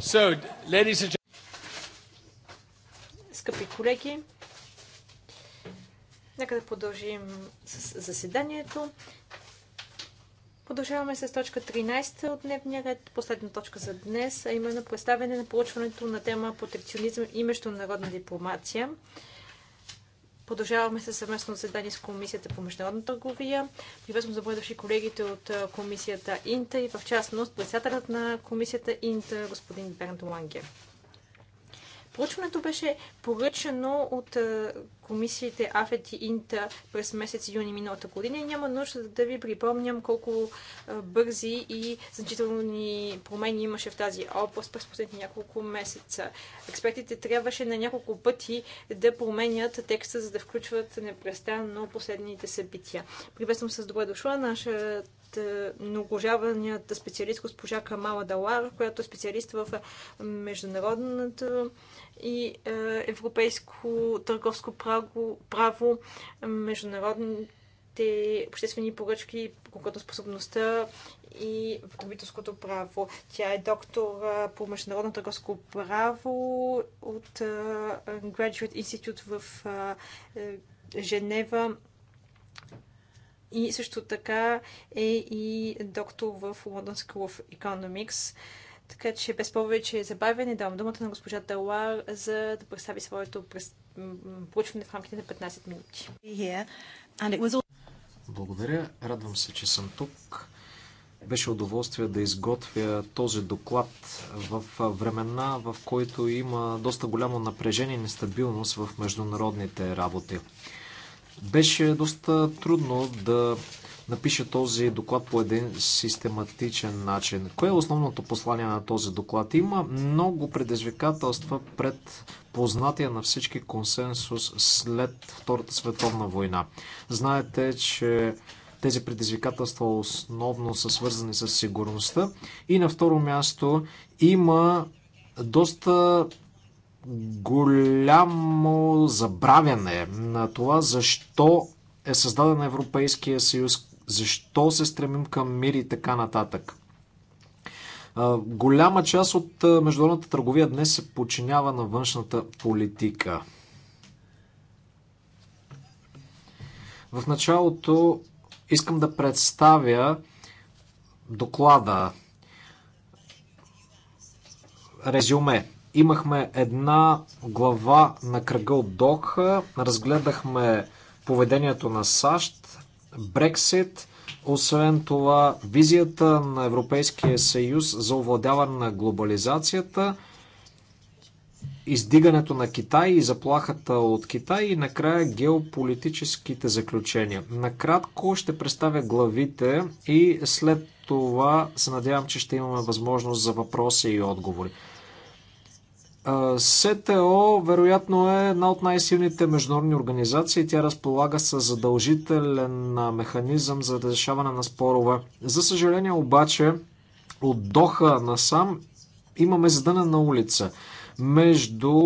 So, ladies and Скъпи колеги, нека да продължим с заседанието. Продължаваме с точка 13 от дневния ред, последна точка за днес, а именно представяне на получването на тема протекционизъм и международна дипломация. Продължаваме със съвместно заседание с Комисията по международна търговия. Приветствам за дошли колегите от Комисията Инта и в частност председателят на Комисията Инта, господин Бернт Ланге. Проучването беше поръчано от комисиите АФЕТ и Инта през месец юни миналата година и няма нужда да ви припомням колко бързи и значителни промени имаше в тази област през последните няколко месеца. Експертите трябваше на няколко пъти да променят текста, за да включват непрестанно последните събития. Приветствам с добре дошла наша многожаваният специалист госпожа Камала Далар, която е специалист в международното и е, европейско търговско право, право международните обществени поръчки, способността и потребителското право. Тя е доктор е, по международно търговско право от е, Graduate Institute в Женева и също така е и доктор в London School of Economics. Така че без повече забавяне давам думата на госпожа Далар за да представи своето проучване в рамките на 15 минути. Благодаря. Радвам се, че съм тук. Беше удоволствие да изготвя този доклад в времена, в които има доста голямо напрежение и нестабилност в международните работи. Беше доста трудно да напише този доклад по един систематичен начин. Кое е основното послание на този доклад? Има много предизвикателства пред познатия на всички консенсус след Втората световна война. Знаете, че тези предизвикателства основно са свързани с сигурността. И на второ място има доста голямо забравяне на това защо е създаден Европейския съюз, защо се стремим към мир и така нататък. Голяма част от международната търговия днес се подчинява на външната политика. В началото искам да представя доклада. Резюме. Имахме една глава на кръга от Доха, разгледахме поведението на САЩ, Брексит, освен това визията на Европейския съюз за овладяване на глобализацията, издигането на Китай и заплахата от Китай и накрая геополитическите заключения. Накратко ще представя главите и след това се надявам, че ще имаме възможност за въпроси и отговори. СТО вероятно е една от най-силните международни организации. Тя разполага с задължителен механизъм за разрешаване на спорове. За съжаление обаче, от Доха насам имаме на улица между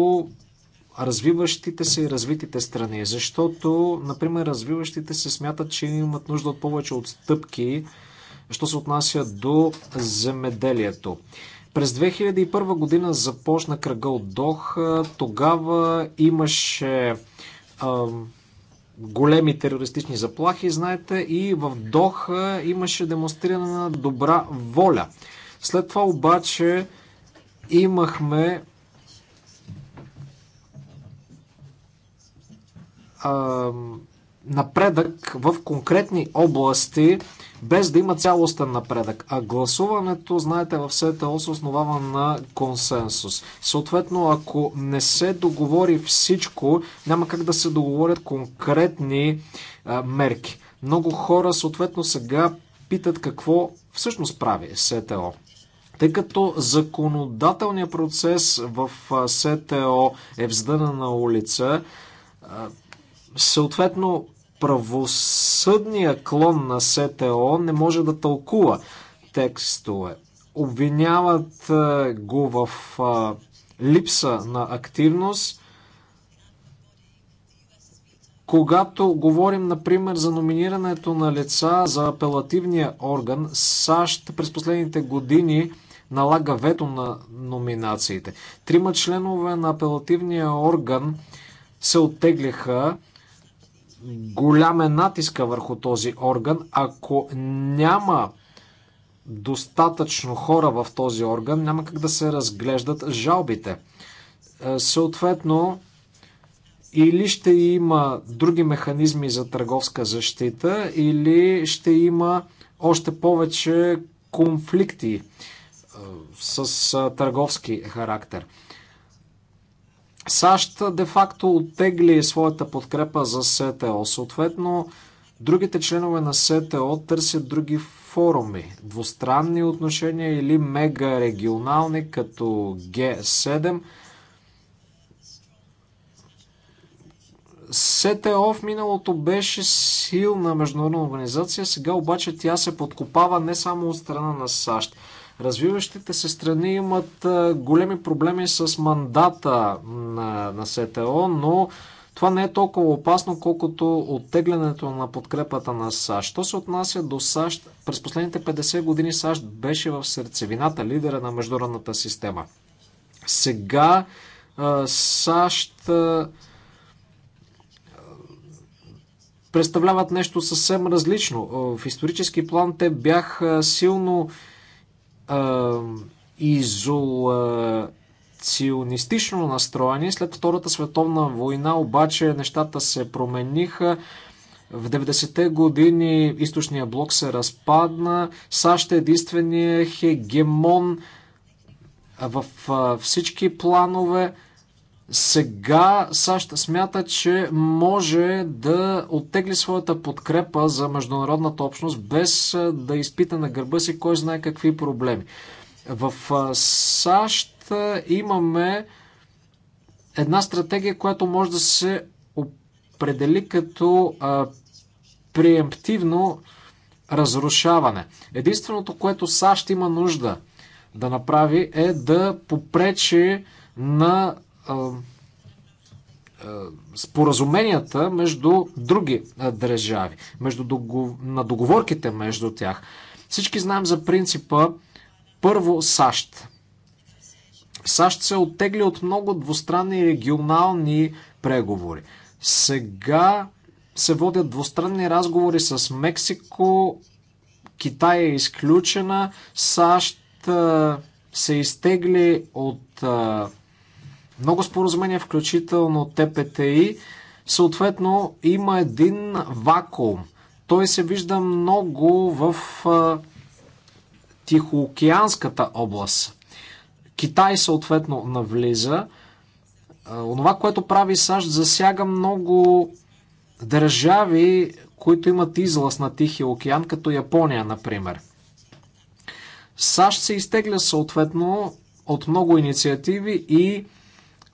развиващите се и развитите страни. Защото, например, развиващите се смятат, че имат нужда от повече отстъпки, що се отнася до земеделието. През 2001 година започна кръга от Доха. Тогава имаше големи терористични заплахи, знаете, и в Доха имаше демонстрирана на добра воля. След това обаче имахме напредък в конкретни области без да има цялостен напредък. А гласуването, знаете, в СТО се основава на консенсус. Съответно, ако не се договори всичко, няма как да се договорят конкретни а, мерки. Много хора, съответно, сега питат какво всъщност прави СТО тъй като законодателният процес в СТО е вздъна на улица, съответно правосъдния клон на СТО не може да тълкува текстове. Обвиняват е, го в е, липса на активност. Когато говорим, например, за номинирането на лица за апелативния орган, САЩ през последните години налага вето на номинациите. Трима членове на апелативния орган се оттегляха голям е натиска върху този орган. Ако няма достатъчно хора в този орган, няма как да се разглеждат жалбите. Е, съответно, или ще има други механизми за търговска защита, или ще има още повече конфликти е, с е, търговски характер. САЩ де-факто оттегли своята подкрепа за СТО. Съответно, другите членове на СТО търсят други форуми, двустранни отношения или мегарегионални като Г7. СТО в миналото беше силна международна организация, сега обаче тя се подкопава не само от страна на САЩ. Развиващите се страни имат големи проблеми с мандата на, на СТО, но това не е толкова опасно, колкото оттеглянето на подкрепата на САЩ. Що се отнася до САЩ, през последните 50 години САЩ беше в сърцевината, лидера на международната система. Сега САЩ представляват нещо съвсем различно. В исторически план те бяха силно изолационистично настроени. След Втората световна война обаче нещата се промениха. В 90-те години източния блок се разпадна. САЩ е единственият хегемон в всички планове. Сега САЩ смята, че може да оттегли своята подкрепа за международната общност, без да изпита на гърба си кой знае какви проблеми. В САЩ имаме една стратегия, която може да се определи като преемптивно разрушаване. Единственото, което САЩ има нужда да направи е да попречи на споразуменията между други държави, между догов... на договорките между тях. Всички знаем за принципа първо САЩ. САЩ се оттегли от много двустранни регионални преговори. Сега се водят двустранни разговори с Мексико, Китай е изключена, САЩ се изтегли от много споразумения, включително ТПТИ. Съответно, има един вакуум. Той се вижда много в Тихоокеанската област. Китай съответно навлиза. Онова, което прави САЩ, засяга много държави, които имат излъз на Тихия океан, като Япония, например. САЩ се изтегля съответно от много инициативи и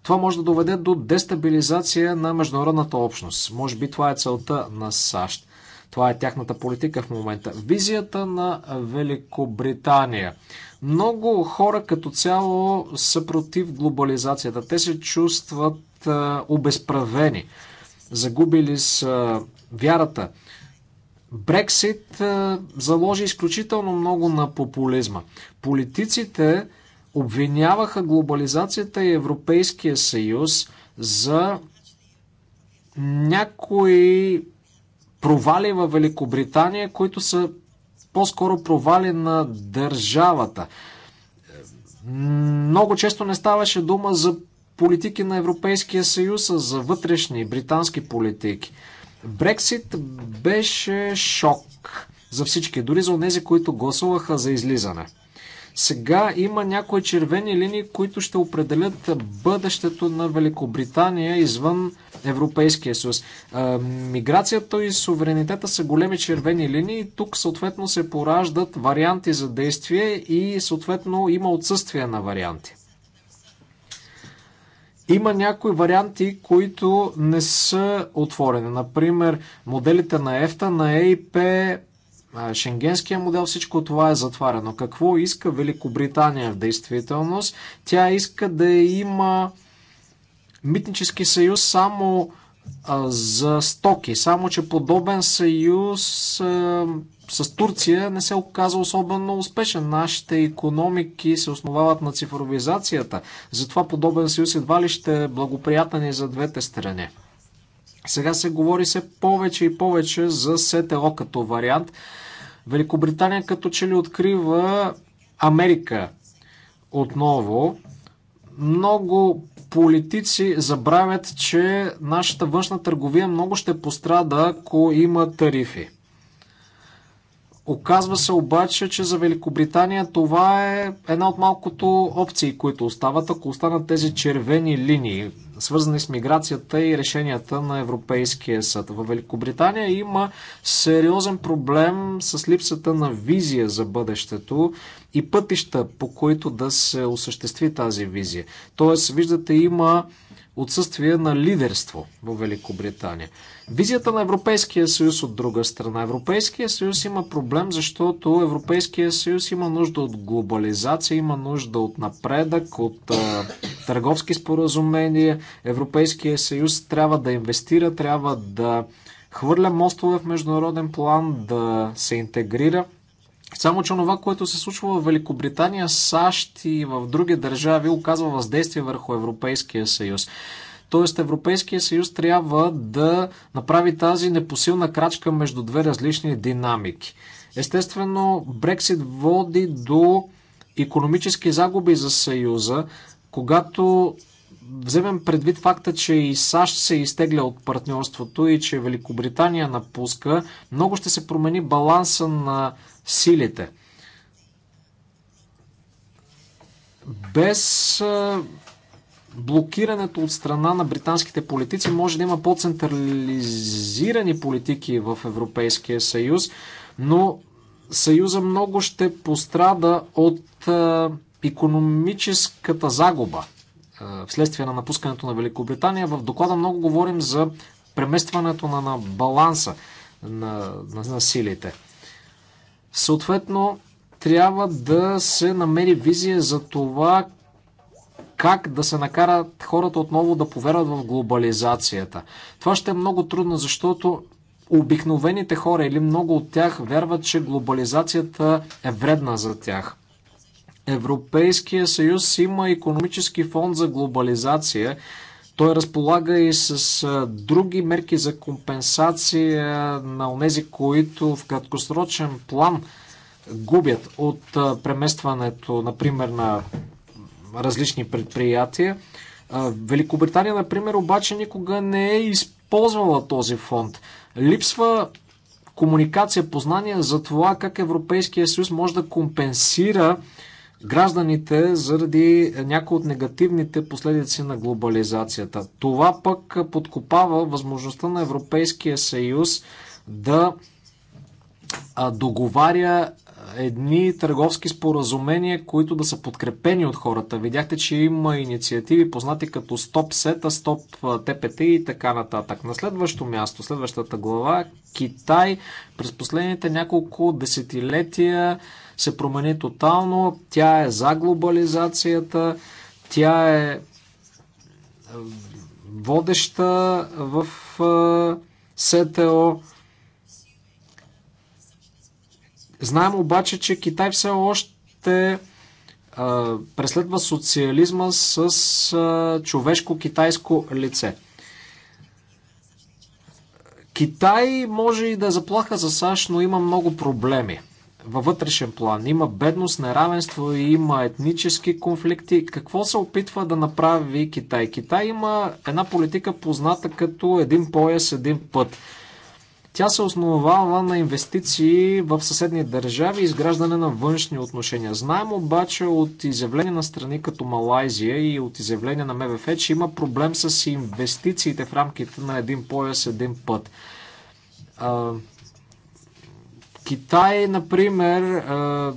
това може да доведе до дестабилизация на международната общност. Може би това е целта на САЩ. Това е тяхната политика в момента. Визията на Великобритания. Много хора като цяло са против глобализацията. Те се чувстват е, обезправени. Загубили са вярата. Брексит е, заложи изключително много на популизма. Политиците обвиняваха глобализацията и Европейския съюз за някои провали в Великобритания, които са по-скоро провали на държавата. Много често не ставаше дума за политики на Европейския съюз, а за вътрешни британски политики. Брексит беше шок за всички, дори за тези, които гласуваха за излизане. Сега има някои червени линии, които ще определят бъдещето на Великобритания извън Европейския съюз. Миграцията и суверенитета са големи червени линии. Тук съответно се пораждат варианти за действие и съответно има отсъствие на варианти. Има някои варианти, които не са отворени. Например, моделите на EFTA, на EIP, шенгенския модел, всичко това е затварено. Какво иска Великобритания в действителност? Тя иска да има митнически съюз само за стоки, само че подобен съюз с Турция не се оказа особено успешен. Нашите економики се основават на цифровизацията, затова подобен съюз едва ли ще е благоприятен и за двете страни. Сега се говори все повече и повече за СТО като вариант. Великобритания като че ли открива Америка отново. Много политици забравят, че нашата външна търговия много ще пострада, ако има тарифи. Оказва се обаче, че за Великобритания това е една от малкото опции, които остават, ако останат тези червени линии, свързани с миграцията и решенията на Европейския съд. В Великобритания има сериозен проблем с липсата на визия за бъдещето и пътища, по които да се осъществи тази визия. Тоест, виждате, има отсъствие на лидерство в Великобритания. Визията на Европейския съюз от друга страна. Европейския съюз има проблем, защото Европейския съюз има нужда от глобализация, има нужда от напредък, от а, търговски споразумения. Европейския съюз трябва да инвестира, трябва да хвърля мостове в международен план, да се интегрира. Само, че това, което се случва в Великобритания, САЩ и в други държави, оказва въздействие върху Европейския съюз. Тоест Европейския съюз трябва да направи тази непосилна крачка между две различни динамики. Естествено, Брексит води до економически загуби за съюза, когато вземем предвид факта, че и САЩ се изтегля от партньорството и че Великобритания напуска, много ще се промени баланса на силите. Без блокирането от страна на британските политици може да има по-централизирани политики в Европейския съюз, но съюза много ще пострада от економическата загуба вследствие на напускането на Великобритания. В доклада много говорим за преместването на, на баланса на, на, на силите. Съответно, трябва да се намери визия за това как да се накарат хората отново да повярват в глобализацията. Това ще е много трудно, защото обикновените хора или много от тях вярват, че глобализацията е вредна за тях. Европейския съюз има економически фонд за глобализация. Той разполага и с други мерки за компенсация на онези, които в краткосрочен план губят от преместването, например, на различни предприятия. Великобритания, например, обаче никога не е използвала този фонд. Липсва комуникация, познание за това как Европейския съюз може да компенсира гражданите заради някои от негативните последици на глобализацията. Това пък подкопава възможността на Европейския съюз да договаря едни търговски споразумения, които да са подкрепени от хората. Видяхте, че има инициативи, познати като Stop SETA, Stop ТПТ и така нататък. На следващо място, следващата глава, Китай през последните няколко десетилетия се промени тотално. Тя е за глобализацията, тя е, е водеща в е, СТО. Знаем обаче, че Китай все още е, преследва социализма с човешко-китайско лице. Китай може и да е заплаха за САЩ, но има много проблеми във вътрешен план. Има бедност, неравенство, има етнически конфликти. Какво се опитва да направи Китай? Китай има една политика позната като един пояс, един път. Тя се основава на инвестиции в съседни държави и изграждане на външни отношения. Знаем обаче от изявления на страни като Малайзия и от изявления на МВФ, че има проблем с инвестициите в рамките на един пояс, един път Китай, например,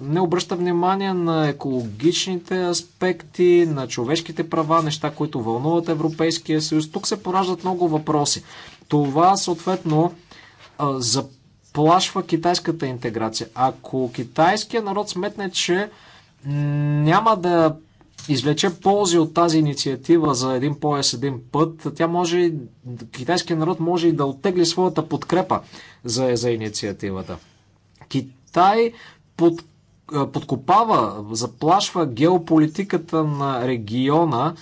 не обръща внимание на екологичните аспекти, на човешките права, неща, които вълнуват Европейския съюз. Тук се пораждат много въпроси. Това съответно заплашва китайската интеграция. Ако китайският народ сметне, че няма да извлече ползи от тази инициатива за един пояс, един път, тя може, китайският народ може и да оттегли своята подкрепа за, за инициативата. Китай под, подкопава, заплашва геополитиката на региона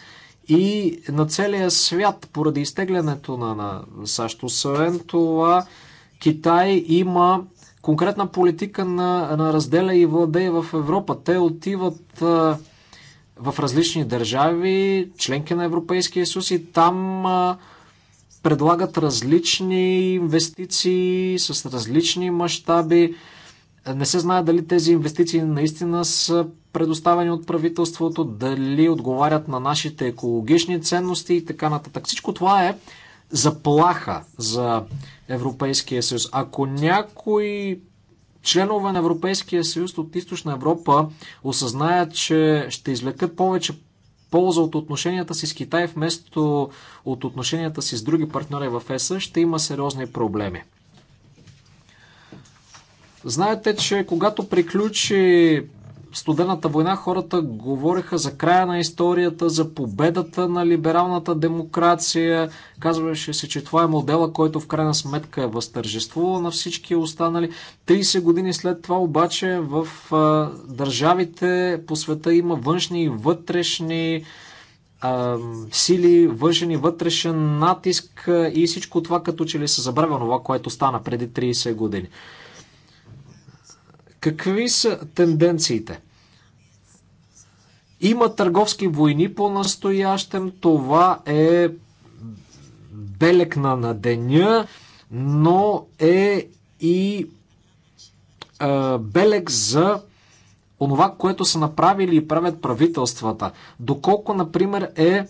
и на целия свят поради изтеглянето на, на САЩ. Освен това, Китай има конкретна политика на, на разделя и владее в Европа. Те отиват а, в различни държави, членки на Европейския съюз и там а, предлагат различни инвестиции с различни мащаби. Не се знае дали тези инвестиции наистина са предоставени от правителството, дали отговарят на нашите екологични ценности и така нататък. Всичко това е заплаха за Европейския съюз. Ако някой членове на Европейския съюз от Източна Европа осъзнаят, че ще извлекат повече полза от отношенията си с Китай вместо от отношенията си с други партньори в ЕС, ще има сериозни проблеми. Знаете, че когато приключи студената война, хората говореха за края на историята, за победата на либералната демокрация. Казваше се, че това е модела, който в крайна сметка е възтържествувал на всички останали. 30 години след това обаче в а, държавите по света има външни и вътрешни а, сили, външен и вътрешен натиск и всичко това като че ли се забравя това, което стана преди 30 години. Какви са тенденциите? Има търговски войни по-настоящем. Това е белекна на деня, но е и е, белег за онова, което са направили и правят правителствата. Доколко, например, е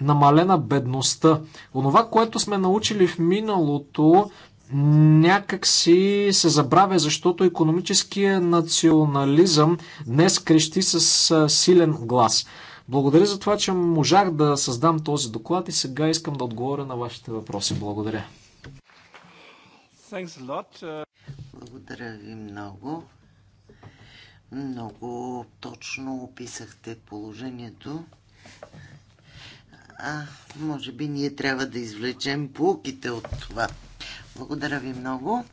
намалена бедността. Онова, което сме научили в миналото, някак си се забравя, защото економическия национализъм днес крещи с силен глас. Благодаря за това, че можах да създам този доклад и сега искам да отговоря на вашите въпроси. Благодаря. Благодаря ви много. Много точно описахте положението. А, може би ние трябва да извлечем полуките от това. Благодаря ви много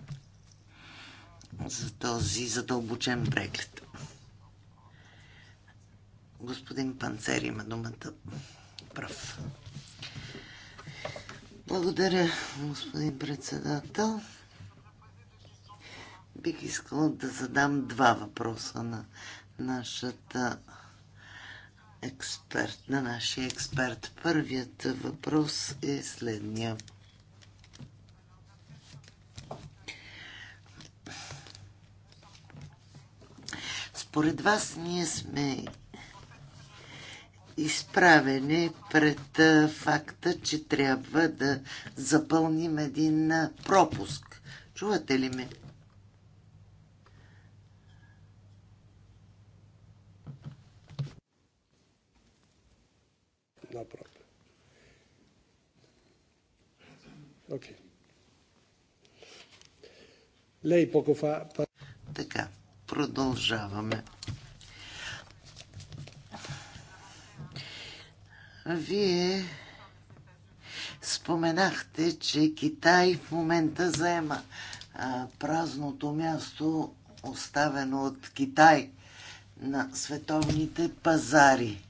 за този задълбочен преглед. Господин Панцер има думата прав. Благодаря, господин председател. Бих искала да задам два въпроса на нашата експерт, на нашия експерт. Първият въпрос е следния. Според вас ние сме изправени пред факта, че трябва да запълним един пропуск. Чувате ли ме? Okay. problem. Ok. Lei poco fa... Така. Продължаваме. Вие споменахте, че Китай в момента заема а, празното място, оставено от Китай на световните пазари.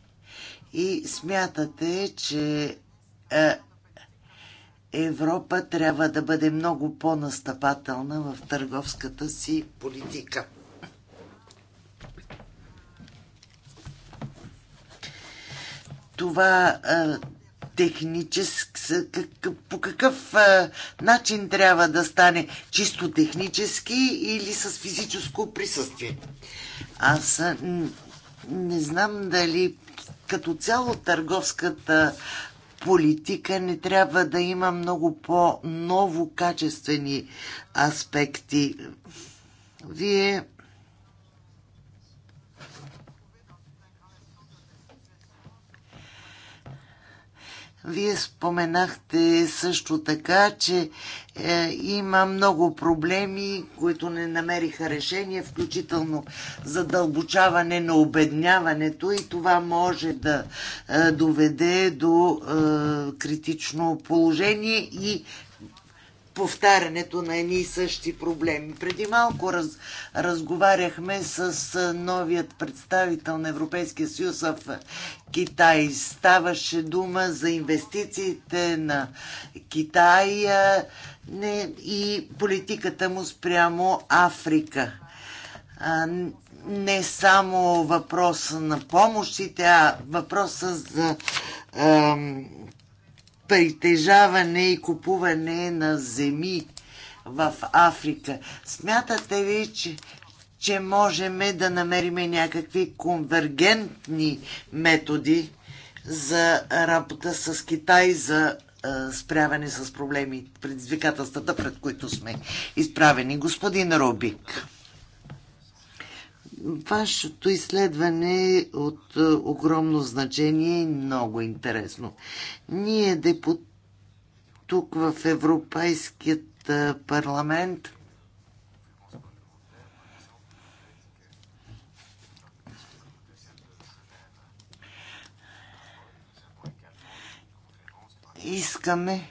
И смятате, че а, Европа трябва да бъде много по-настъпателна в търговската си политика. това технически, по какъв начин трябва да стане чисто технически или с физическо присъствие. Аз не знам дали като цяло търговската политика не трябва да има много по-ново качествени аспекти. Вие Вие споменахте също така, че е, има много проблеми, които не намериха решение, включително задълбочаване на обедняването и това може да е, доведе до е, критично положение и повтарянето на едни и същи проблеми. Преди малко раз, разговаряхме с новият представител на Европейския съюз в Китай. Ставаше дума за инвестициите на Китай и политиката му спрямо Африка. не само въпроса на помощите, а въпроса за притежаване и купуване на земи в Африка. Смятате ли, че, че можем да намерим някакви конвергентни методи за работа с Китай за а, спряване с проблеми, предизвикателствата, пред които сме изправени? Господин Рубик. Вашето изследване е от е, огромно значение и много интересно. Ние депут тук в Европейският е, парламент искаме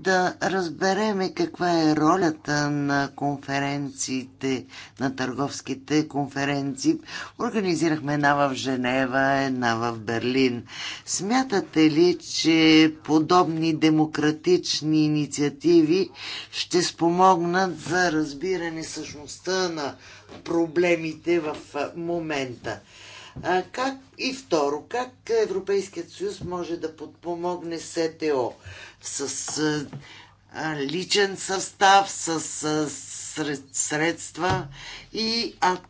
да разбереме каква е ролята на конференциите, на търговските конференции. Организирахме една в Женева, една в Берлин. Смятате ли, че подобни демократични инициативи ще спомогнат за разбиране същността на проблемите в момента? А, как, и второ, как Европейският съюз може да подпомогне СТО? с личен състав, с средства и ако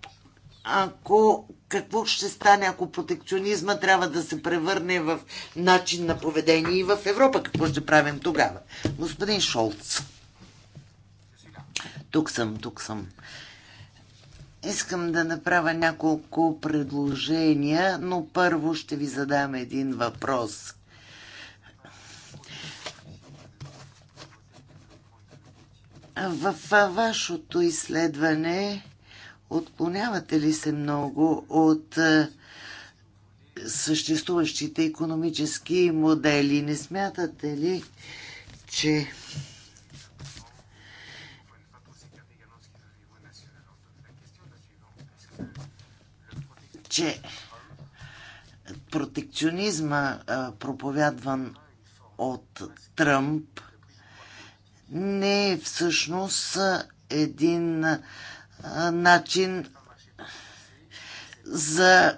ако какво ще стане, ако протекционизма трябва да се превърне в начин на поведение и в Европа, какво ще правим тогава? Господин Шолц. Тук съм, тук съм. Искам да направя няколко предложения, но първо ще ви задам един въпрос. В вашето изследване отклонявате ли се много от е, съществуващите економически модели? Не смятате ли, че че протекционизма, е, проповядван от Тръмп, не е всъщност един начин за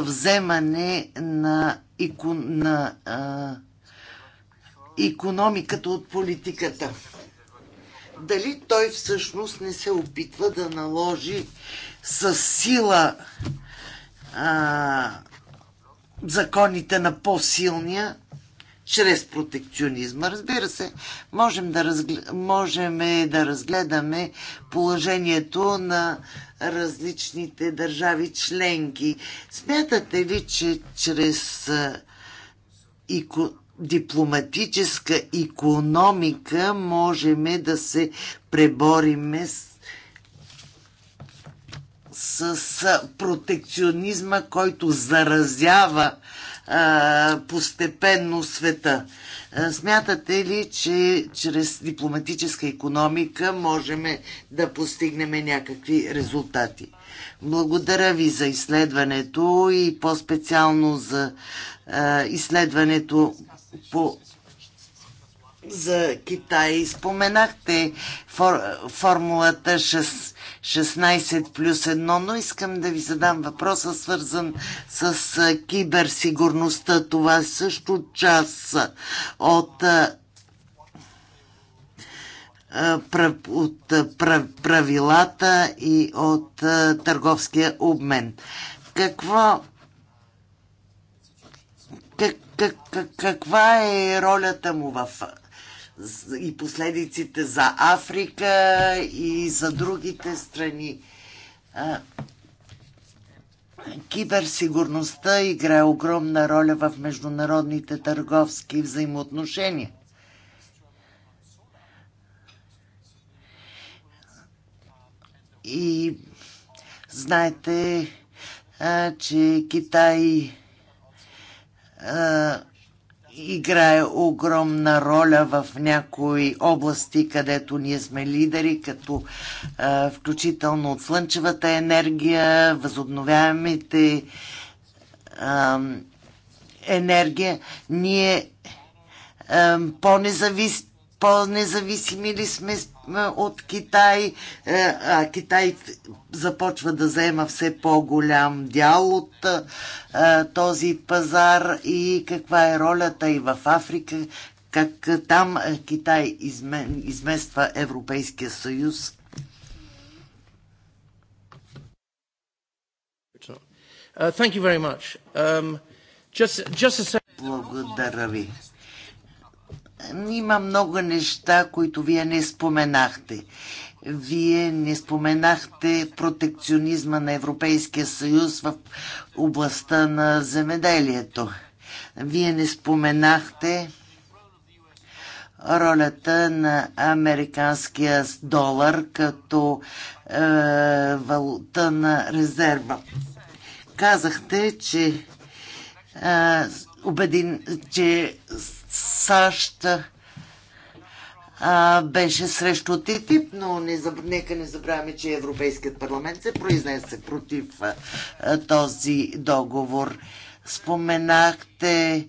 вземане на, еко, на а, економиката от политиката. Дали той всъщност не се опитва да наложи с сила а, законите на по-силния, чрез протекционизма. Разбира се, можем да, разглед... можем да разгледаме положението на различните държави членки. Смятате ли, че чрез ико... дипломатическа економика можем да се пребориме с с протекционизма, който заразява постепенно света. Смятате ли, че чрез дипломатическа економика можем да постигнем някакви резултати? Благодаря ви за изследването и по-специално за изследването по за Китай. Споменахте фор, формулата 6, 16 плюс 1, но искам да ви задам въпроса, свързан с киберсигурността. Това е също част от от правилата и от търговския обмен. Какво как, как, каква е ролята му в и последиците за Африка и за другите страни. Киберсигурността играе огромна роля в международните търговски взаимоотношения. И знаете, че Китай а, играе огромна роля в някои области, където ние сме лидери, като а, е, включително от слънчевата енергия, възобновяемите а, енергия. Ние по-независ, по-независими ли сме от Китай, е, а Китай започва да заема все по-голям дял от е, този пазар и каква е ролята и в Африка, как там е, Китай измества Европейския съюз. Uh, um, Благодаря ви. Има много неща, които вие не споменахте. Вие не споменахте протекционизма на Европейския съюз в областта на земеделието. Вие не споменахте ролята на американския долар като е, валута на резерва. Казахте, че, е, убедин, че САЩ а, беше срещу ТТИП, но не, нека не забравяме, че Европейският парламент се произнесе против а, този договор. Споменахте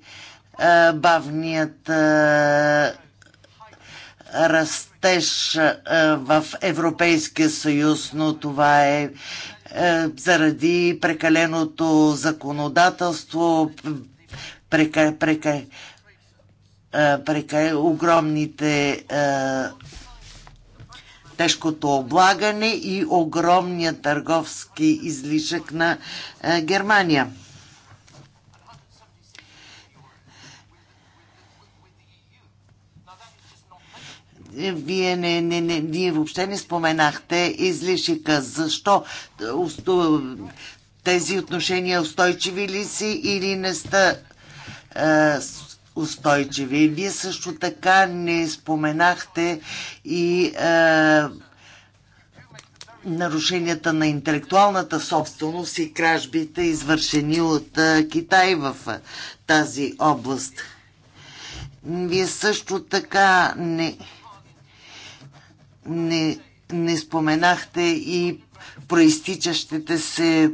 а, бавният а, растеж а, в Европейския съюз, но това е а, заради прекаленото законодателство, прека, прека, е, прека, огромните е, тежкото облагане и огромния търговски излишък на е, Германия. вие, не, не, не, вие въобще не споменахте излишика. Защо тези отношения устойчиви ли си или не сте устойчиви. Вие също така не споменахте и е, нарушенията на интелектуалната собственост и кражбите, извършени от е, Китай в е, тази област. Вие също така не, не, не споменахте и проистичащите се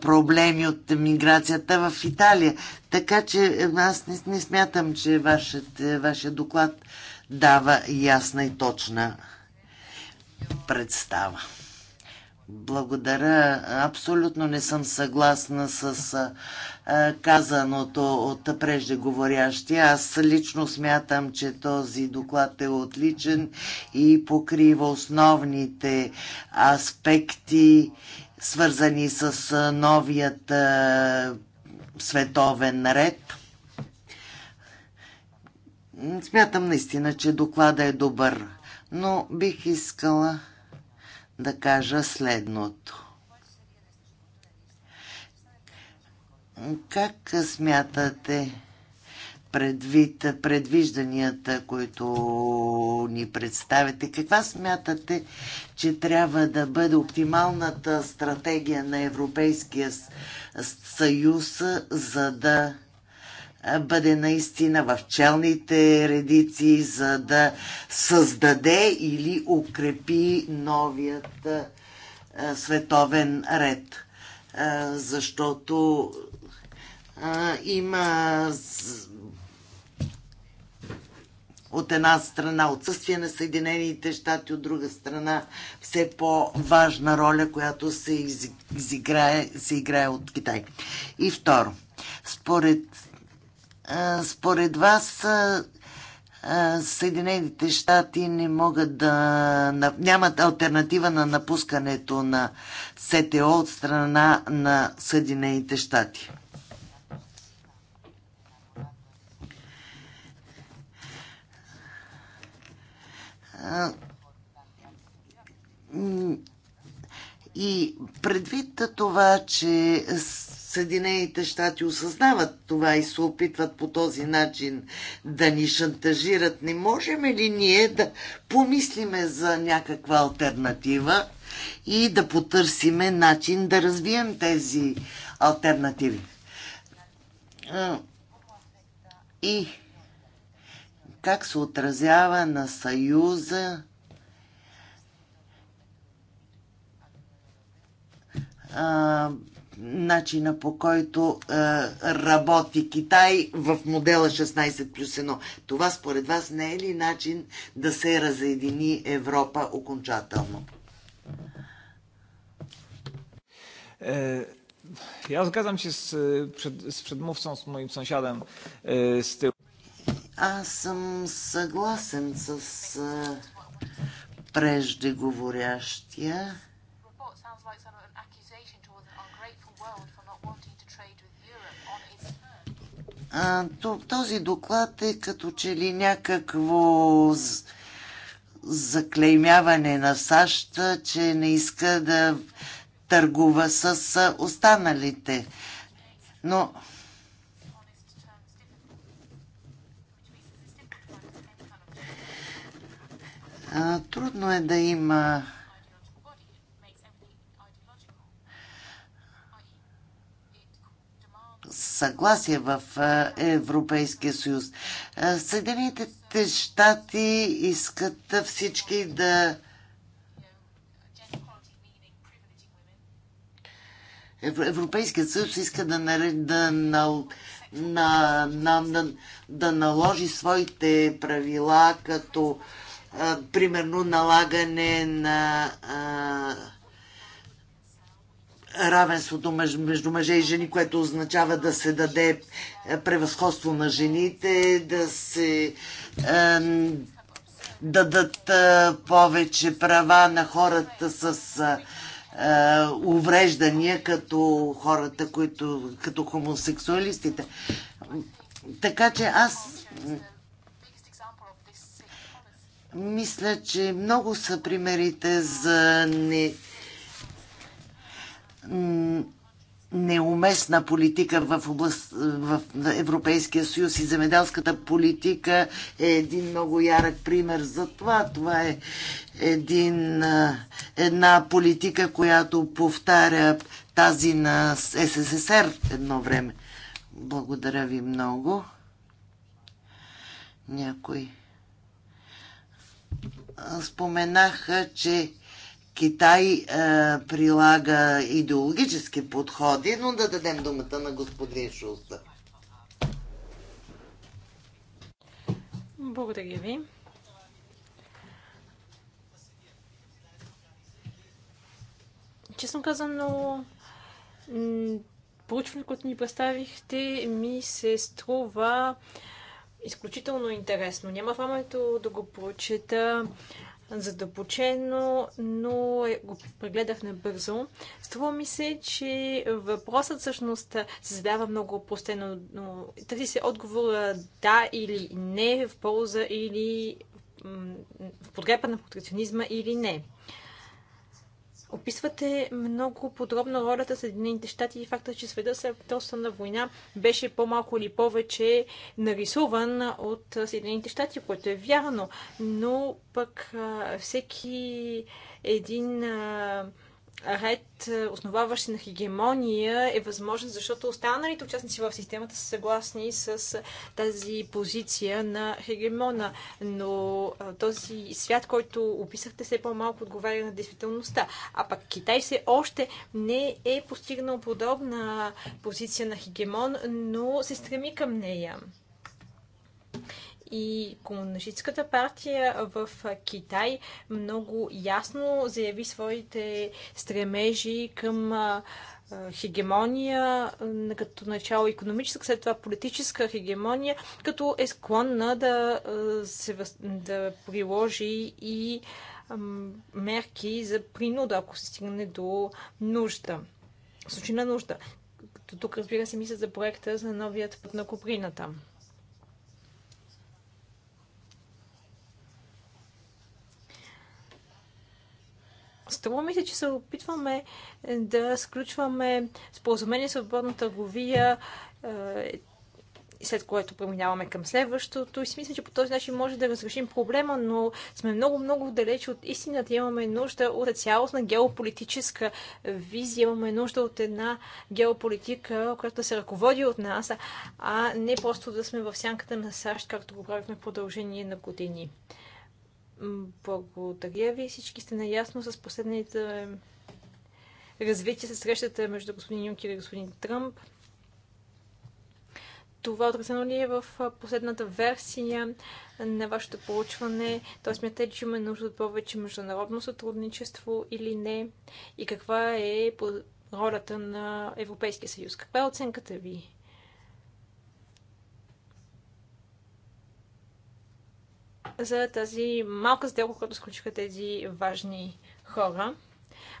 проблеми от миграцията в Италия. Така че е, аз не, не смятам, че вашият, е, вашият доклад дава ясна и точна представа. Благодаря. Абсолютно не съм съгласна с а, казаното от преждеговорящия. Аз лично смятам, че този доклад е отличен и покрива основните аспекти, свързани с новият а, световен ред. Смятам наистина, че доклада е добър, но бих искала да кажа следното. Как смятате предвид предвижданията, които ни представите? Каква смятате, че трябва да бъде оптималната стратегия на Европейския съюз, за да бъде наистина в челните редици, за да създаде или укрепи новият световен ред. Защото има от една страна отсъствие на Съединените щати, от друга страна все по-важна роля, която се, изиграе, се играе от Китай. И второ, според според вас Съединените щати не могат да... нямат альтернатива на напускането на СТО от страна на Съединените щати. И предвид това, че Съединените щати осъзнават това и се опитват по този начин да ни шантажират. Не можем ли ние да помислиме за някаква альтернатива и да потърсиме начин да развием тези альтернативи? И как се отразява на Съюза начина по който е, работи Китай в модела 16 плюс 1. Това според вас не е ли начин да се разедини Европа окончателно? E, ja zgadzam się z, przed, z przedmówcą, z moim sąsiadem e, z tyłu. Аз съм съгласен с е, преждеговорящия. този доклад е като че ли някакво заклеймяване на САЩ, че не иска да търгува с останалите. Но трудно е да има съгласие в Европейския съюз. Съединените щати искат всички да Европейският съюз иска да, да, на, на, на, да, да наложи своите правила, като а, примерно налагане на а, равенството между мъже и жени, което означава да се даде е, превъзходство на жените, да се е, дадат е, повече права на хората с увреждания, като хората, които, като хомосексуалистите. Така че аз мисля, че много са примерите за не неуместна политика в, област, е, в Европейския съюз и земеделската политика е един много ярък пример за това. Това е един, е, една политика, която повтаря тази на СССР едно време. Благодаря ви много. Някой споменаха, че Китай е, прилага идеологически подходи, но да дадем думата на господин Шуста. Благодаря ви. Честно казано, проучването, което ми представихте, ми се струва изключително интересно. Няма времето да го прочета задълбочено, но е- го прегледах набързо. Струва ми се, че въпросът всъщност се задава много опростено. тази се отговора да или не в полза или в подкрепа на протекционизма или не. Описвате много подробно ролята Съединените щати и факта, че света след е доста на война беше по-малко или повече нарисуван от Съединените щати, което е вярно, но пък всеки един ред, е, основаващ се на хегемония, е възможен, защото останалите участници в системата са съгласни с е, тази позиция на хегемона. Но е, този свят, който описахте, все по-малко отговаря на действителността. А пък Китай все още не е постигнал подобна позиция на хегемон, но се стреми към нея. И Комунистическата партия в Китай много ясно заяви своите стремежи към хегемония, като начало економическа, след това политическа хегемония, като е склонна да, се, да приложи и мерки за принуда, ако се стигне до нужда. В случай на нужда. Като тук, разбира се, мисля за проекта за новият път на Куприната. Струва ми се, че се опитваме е, да сключваме споразумение с свободна търговия, е, след което преминаваме към следващото. И си мисля, че по този начин може да разрешим проблема, но сме много-много далеч от истината. Имаме нужда от цялостна геополитическа визия, имаме нужда от една геополитика, която да се ръководи от нас, а не просто да сме в сянката на САЩ, както го правихме в продължение на години. Благодаря ви. Всички сте наясно с последните е, развитие с срещата между господин Юнкер и господин Тръмп. Това отразено ли е в последната версия на вашето проучване? Тоест, смятате, че има нужда от повече международно сътрудничество или не? И каква е ролята на Европейския съюз? Каква е оценката ви? за тази малка сделка, която сключиха тези важни хора.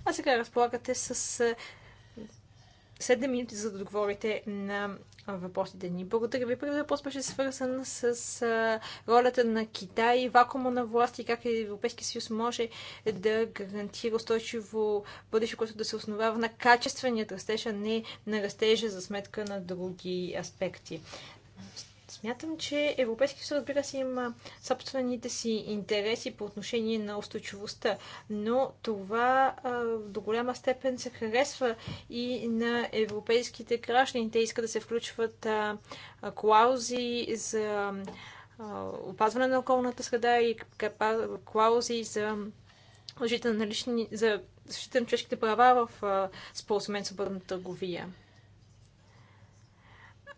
А сега разполагате с 7 минути, за да отговорите на въпросите ни. Благодаря ви. Първият въпрос беше свързан с ролята на Китай, вакуума на власт и как Европейския съюз може да гарантира устойчиво бъдеще, което да се основава на качествения растеж, а не на растежа за сметка на други аспекти. Смятам, че Европейския съюз, разбира се, има собствените си интереси по отношение на устойчивостта, но това а, до голяма степен се харесва и на европейските граждани. Те искат да се включват а, а, клаузи за опазване на околната среда и клаузи за защита на, лични, за защита на човешките права в споразумението за бъдна търговия.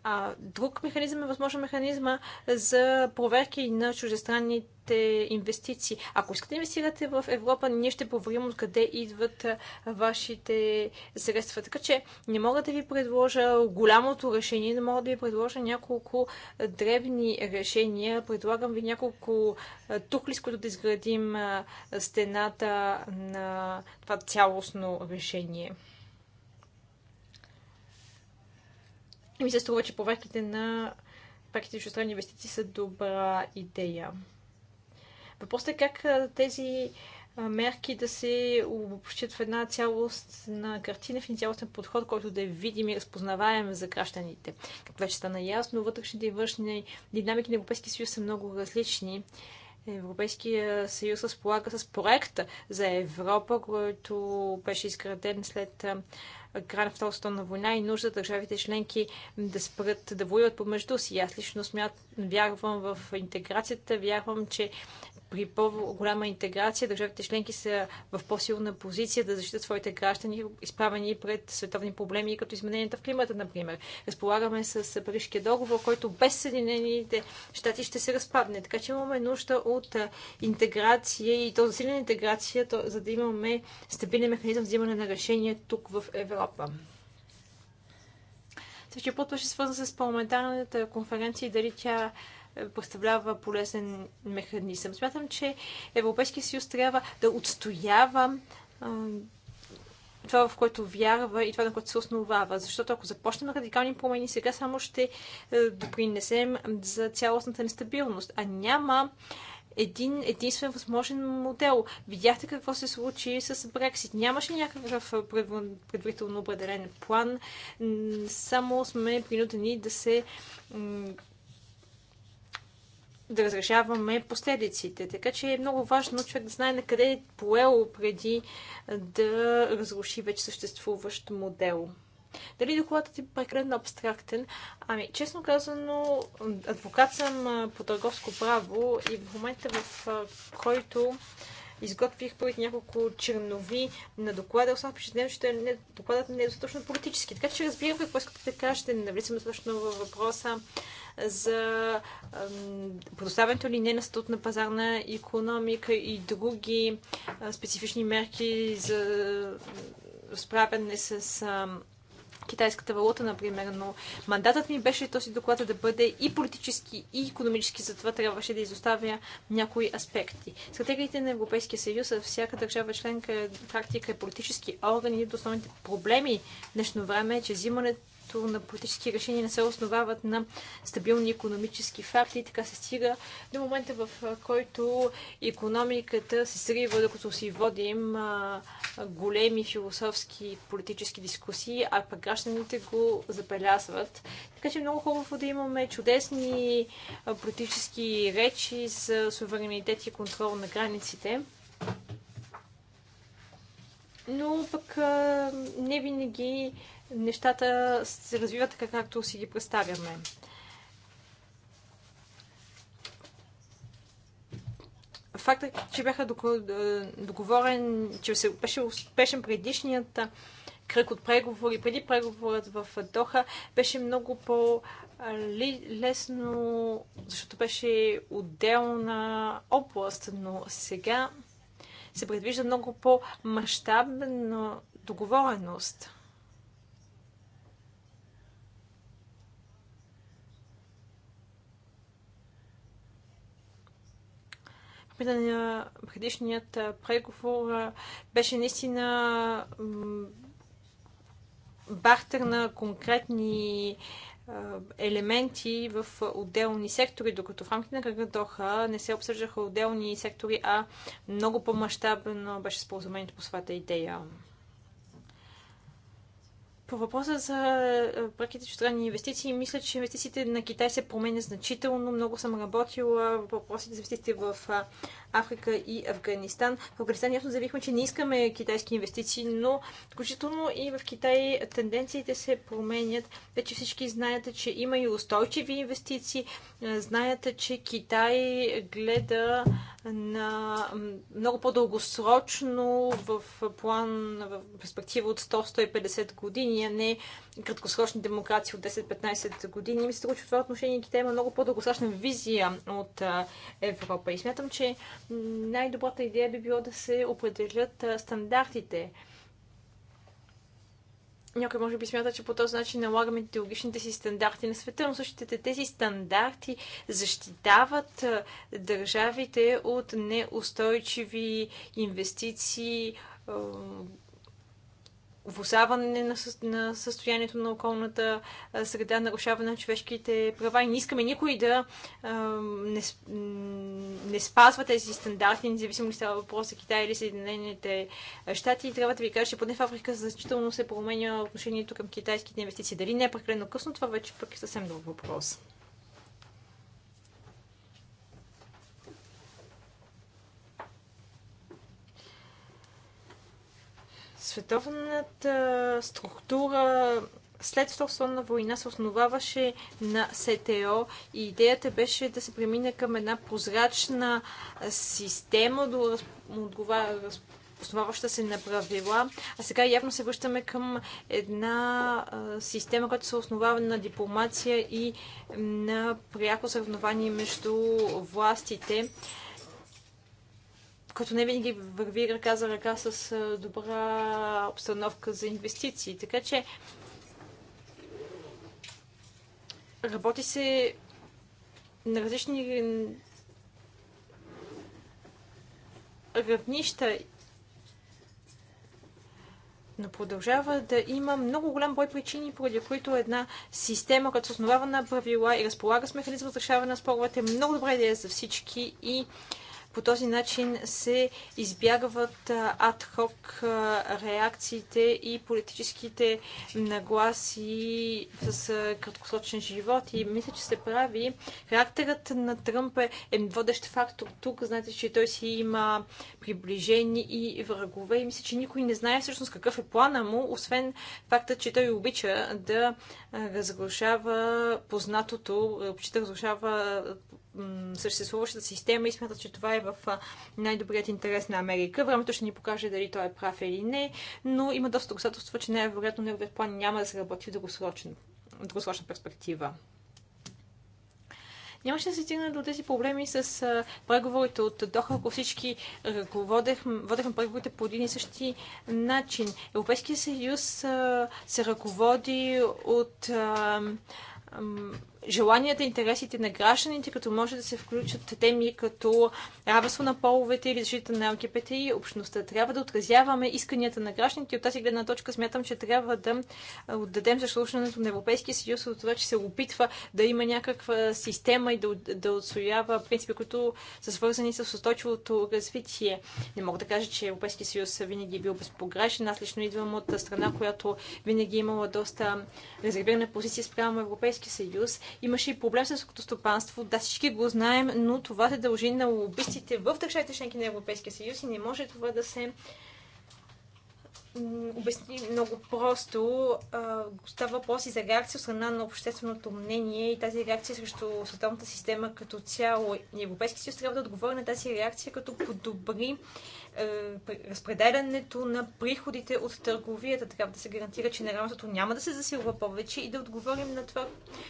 А друг механизъм е възможен механизма за проверки на чуждестранните инвестиции. Ако искате да инвестирате в Европа, ние ще проверим откъде идват вашите средства. Така че не мога да ви предложа голямото решение, но мога да ви предложа няколко древни решения. Предлагам ви няколко тухли, с които да изградим стената на това цялостно решение. И ми се струва, че проверките на проектите чуждестранни инвестиции са добра идея. Въпросът е как тези мерки да се обобщат в една цялост на картина, в един цялостен подход, който да е видим и разпознаваем за гражданите. Как вече стана ясно, вътрешните и външни динамики на Европейския съюз са много различни. Европейския съюз разполага с проекта за Европа, който беше изграден след края на Втората световна война и нужда държавите членки да спрат да воюват помежду си. Аз лично смят, вярвам в интеграцията, вярвам, че при по-голяма интеграция държавите членки са в по-силна позиция да защитят своите граждани, изправени пред световни проблеми, като измененията в климата, например. Разполагаме с Парижкия договор, който без Съединените щати ще се разпадне. Така че имаме нужда от интеграция и то засилена интеграция, то, за да имаме стабилен механизъм взимане на решение тук в Европа. Европа. Същия път беше свързан с парламентарната конференция и дали тя е, представлява полезен механизъм. Смятам, че Европейския съюз трябва да отстоява това, в което вярва и това, на което се основава. Защото ако започнем радикални промени, сега само ще е, допринесем за цялостната нестабилност. А няма един единствен възможен модел. Видяхте какво се случи с Брексит. Нямаше някакъв предварително определен план. Само сме принудени да се да разрешаваме последиците. Така че е много важно човек да знае на къде е поел преди да разруши вече съществуващ модел. Дали докладът е прекалено абстрактен? Ами, честно казано, адвокат съм по търговско право и в момента, в който изготвих първите няколко чернови на доклада, останах впечатлено, че не, докладът не е достатъчно политически. Така че разбирам какво искате да кажете, не навлизам достатъчно във въпроса за предоставянето ли не на статут на пазарна економика и други а, специфични мерки за справяне с китайската валута, например, но мандатът ми беше този доклад да бъде и политически, и економически, затова трябваше да изоставя някои аспекти. Стратегиите на Европейския съюз всяка държава членка практика е политически орган и от основните проблеми в днешно време е, че взимането взимането на политически решения не се основават на стабилни економически факти. Така се стига до момента, в който економиката се срива, докато си водим големи философски политически дискусии, а пък гражданите го забелязват. Така че е много хубаво да имаме чудесни политически речи за суверенитет и контрол на границите. Но пък не винаги нещата се развиват така, както си ги представяме. Факта, че бяха договорен, че се беше успешен предишният кръг от преговори, преди преговорът в Доха, беше много по-лесно, защото беше отделна област, но сега се предвижда много по-масштабна договореност. опита предишният преговор беше наистина бартер на конкретни елементи в отделни сектори, докато в рамките на кръга Доха не се обсъждаха отделни сектори, а много по-масштабно беше споразумението по своята идея. По въпроса за е, преките чуждестранни инвестиции, мисля, че инвестициите на Китай се променят значително. Много съм работила по въпросите за инвестициите в Африка и Афганистан. В Афганистан ясно заявихме, че не искаме китайски инвестиции, но включително и в Китай тенденциите се променят. Вече всички знаят, че има и устойчиви инвестиции. Знаят, че Китай гледа на много по-дългосрочно в план, в перспектива от 100-150 години, а не краткосрочни демокрации от 10-15 години. Мисля, че в това отношение Китай има много по-дългосрочна визия от Европа. И смятам, че най-добрата идея би било да се определят стандартите. Някой може би смята, че по този начин налагаме идеологичните си стандарти на света, но същите тези стандарти защитават държавите от неустойчиви инвестиции, влушаване на, със, на състоянието на околната среда, нарушаване на човешките права и не искаме никой да а, не, не спазва тези стандарти, независимо ли става въпрос за Китай или Съединените щати. Трябва да ви кажа, че поне в Африка значително се променя отношението към китайските инвестиции. Дали не е прекалено късно, това вече пък е съвсем друг въпрос. световната структура след Втората война се основаваше на СТО и идеята беше да се премине към една прозрачна система, до основаваща се на правила, а сега явно се връщаме към една система, която се основава на дипломация и на пряко съревнование между властите който не винаги върви ръка за ръка с добра обстановка за инвестиции. Така че работи се на различни равнища, но продължава да има много голям брой причини, поради които една система, която се основава на правила и разполага с механизъм за решаване на споровете, е много добра идея за всички и по този начин се избягват адхок реакциите и политическите нагласи с краткосрочен живот. И мисля, че се прави. Характерът на Тръмп е, е водещ фактор тук. Знаете, че той си има приближени и врагове. И мисля, че никой не знае всъщност какъв е плана му, освен факта, че той обича да разрушава познатото, обича да разрушава съществуващата система и смятат, че това е в най-добрият интерес на Америка. Времето ще ни покаже дали той е прав или не, но има доста доказателства, че най-вероятно неговият план няма да се работи в дългосрочна перспектива нямаше да се стигне до тези проблеми с преговорите от Доха, ако всички ръководехме, водехме преговорите по един и същи начин. Европейския съюз се ръководи от желанията и интересите на гражданите, като може да се включат теми като равенство на половете или защита на ЛГБТ и общността. Трябва да отразяваме исканията на гражданите и от тази гледна точка смятам, че трябва да отдадем заслушването на Европейския съюз от това, че се опитва да има някаква система и да, да отсоява принципи, които са свързани с устойчивото развитие. Не мога да кажа, че Европейския съюз винаги е бил безпогрешен. Аз лично идвам от страна, която винаги е имала доста резервирана позиция спрямо Европейския съюз Имаше и проблем с селското стопанство. Да, всички го знаем, но това се дължи на лобистите в държавите членки на Европейския съюз и не може това да се обясни много просто. Става въпрос и за реакция от страна на общественото мнение и тази реакция срещу световната система като цяло. Европейски съюз трябва да отговори на тази реакция като подобри е, разпределянето на приходите от търговията. Трябва да се гарантира, че неравенството няма да се засилва повече и да отговорим на това,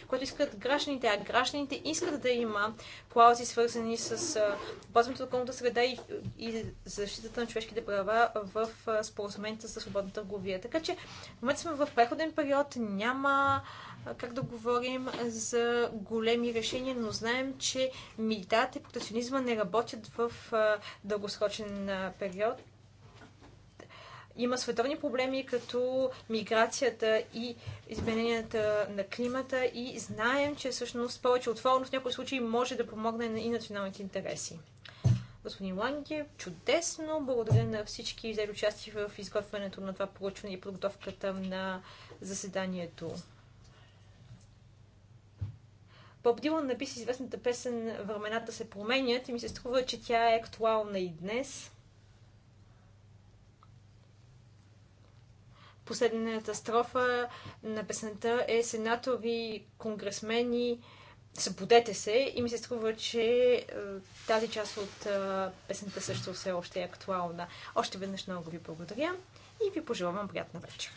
което искат гражданите. А гражданите искат да има клаузи, свързани с опазването на околната среда и, и защитата на човешките права в споразумента със свободна търговия. Така че в момента сме в преходен период, няма как да говорим за големи решения, но знаем, че милитарите и протекционизма не работят в дългосрочен период. Има световни проблеми като миграцията и измененията на климата и знаем, че всъщност повече отворено в някои случаи може да помогне и националните интереси господин Ланге. Чудесно! Благодаря на всички взели участие в изготвянето на това проучване и подготовката на заседанието. Боб Дилан написа известната песен Времената се променят и ми се струва, че тя е актуална и днес. Последната строфа на песента е сенатори, конгресмени, Събудете се и ми се струва, че е, тази част от е, песента също все още е актуална. Още веднъж много ви благодаря и ви пожелавам приятна вечер.